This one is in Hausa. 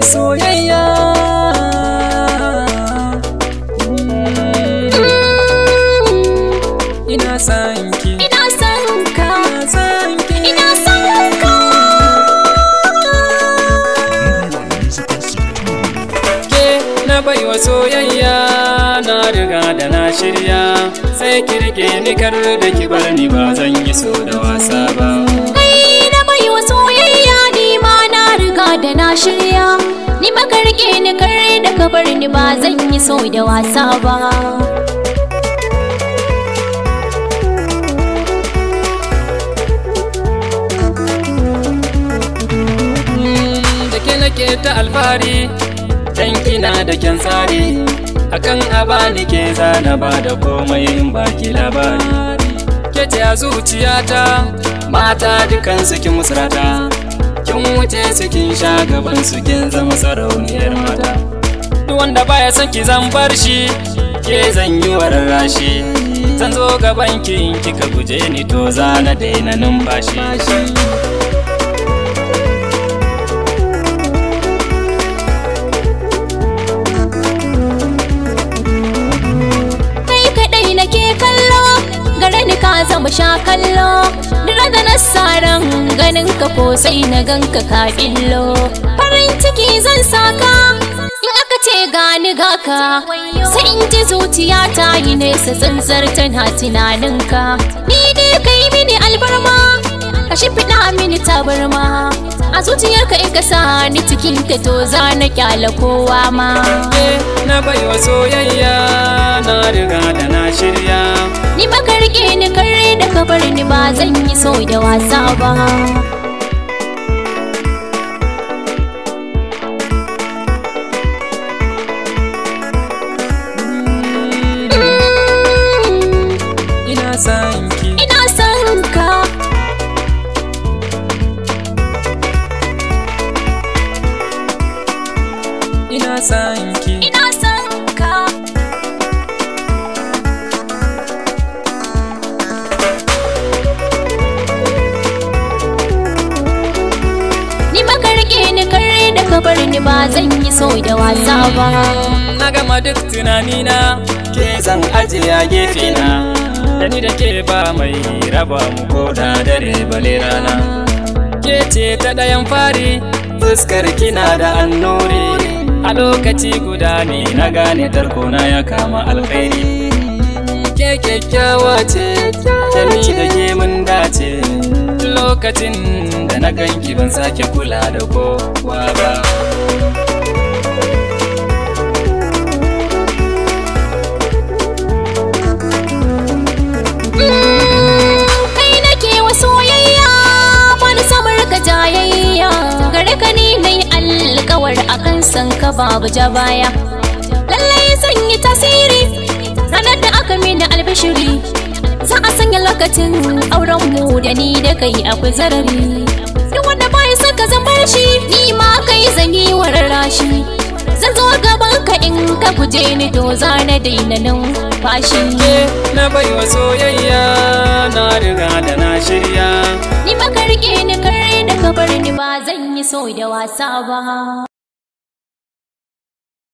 soyayya hmm. ina san ki ina san ka ina san ki ina san ka ke na baiwa soyayya na riga da na shirya sai kirke ni kar da ki bar ni ba zan yi so da wasa ba wani ba zan yi so da wasa ba mm, nake ta alfari dan kina da kyan tsari akan aba ke zana ba da komai in baki labari ke a zuciyata mata dukan suke musrata kin wuce sukin kin sha gaban su kin zama sarauniyar mata duk wanda baya son ki zan bar shi ke zan yi rashi zan zo gaban ki kika guje ni to za na daina numfashi mu sha kallo Dira da nasaran ganin ka ko sai na ganka ka illo Farin ciki zan saka riga ka sai in ji zuciya ta yi nesa zanzar tana ka ni ne kai mini albarma ka shimfiɗa mini tabarma a zuciyarka in ka sa ni cikin ka to za na kyala kowa ma na baiwa soyayya na riga da na shirya ni makarƙe rike ni kare da ka bar ni ba zan yi so da wasa ba san ki ina san ka ina san ki ina san ka ni makarke ni kare da kabar ni ba zan yi so da wasa ba mm, na gama duk tunanina ke zan ajiye gefe na da ni da ke ba mai raba mu ko da dare bale rana ke ce ta ɗayan fari fuskar kina da annuri a lokaci guda ne na gane tarkona ya kama alkhairi ke kyakkyawa ce ta ni da ke mun dace lokacin da na ganki ban sake kula da kowa ba san ka babu ja baya lallai zan yi tasiri ranar da aka mini albishiri za a sanya lokacin auren mu da ni da kai akwai zarari duk wanda bai son ka zan bar shi ni ma kai zan yi wararashi zan zo gaban ka in ka guje ni to za na daina nan fashi na bai wa soyayya na riga da na shirya ni maka rike ni kare da ka bar ni ba zan yi so da wasa ba